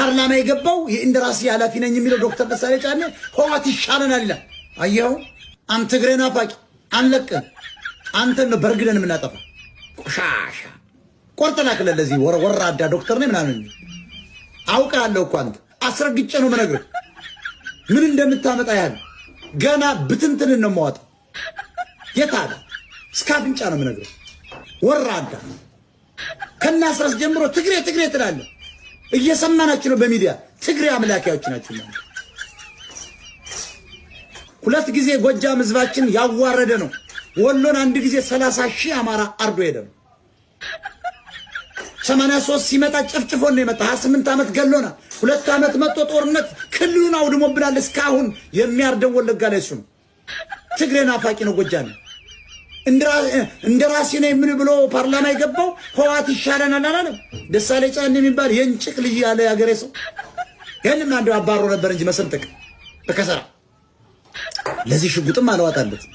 ፓርላማ የገባው የኢንደራሲ ኃላፊ ነኝ የሚለው ዶክተር ደሳሌ ጫኔ ህዋት ይሻለናል ይላል። አየው አንተ ግሬ ናፋቂ አንለቅህም። አንተ ነው በርግደን የምናጠፋ ቆሻሻ ክለ ለዚህ ወራዳ ዶክተር ነኝ ምናምን አውቃለሁ እኮ አንተ አስረግጬ ነው የምነግርህ ምን እንደምታመጣ ያህል ገና ብትንትን ነው የማወጣው። የት አለ እስከ አፍንጫ ነው የምነግርህ ወራዳ ከናስረስ ጀምሮ ትግሬ ትግሬ ትላለህ። እየሰማናችሁ ነው በሚዲያ ትግሬ አምላኪያዎች ናችሁ። ሁለት ጊዜ ጎጃም ህዝባችን ያዋረደ ነው። ወሎን አንድ ጊዜ ሰላሳ ሺህ አማራ አርዶ ሄደ ነው። ሰማንያ ሶስት ሲመጣ ጨፍጭፎን ነው የመጣ። ሀያ ስምንት ዓመት ገሎና ሁለት ዓመት መጥቶ ጦርነት ክልሉን አውድሞብናል። እስካሁን የሚያርደን ወለጋ ላይ እሱ ነው። ትግሬ ናፋቂ ነው ጎጃም እንደ ራሴ ነው የምን ብሎ ፓርላማ የገባው ህዋት ይሻለናል አላለም። ደሳሌ ጫን የሚባል የእንጭቅ ልጅ ያለ ያገሬ ሰው ይህንም አንዱ አባሮ ነበር እንጂ መሰንጠቅ በከሰራ ለዚህ ሽጉጥም አለዋጣለት።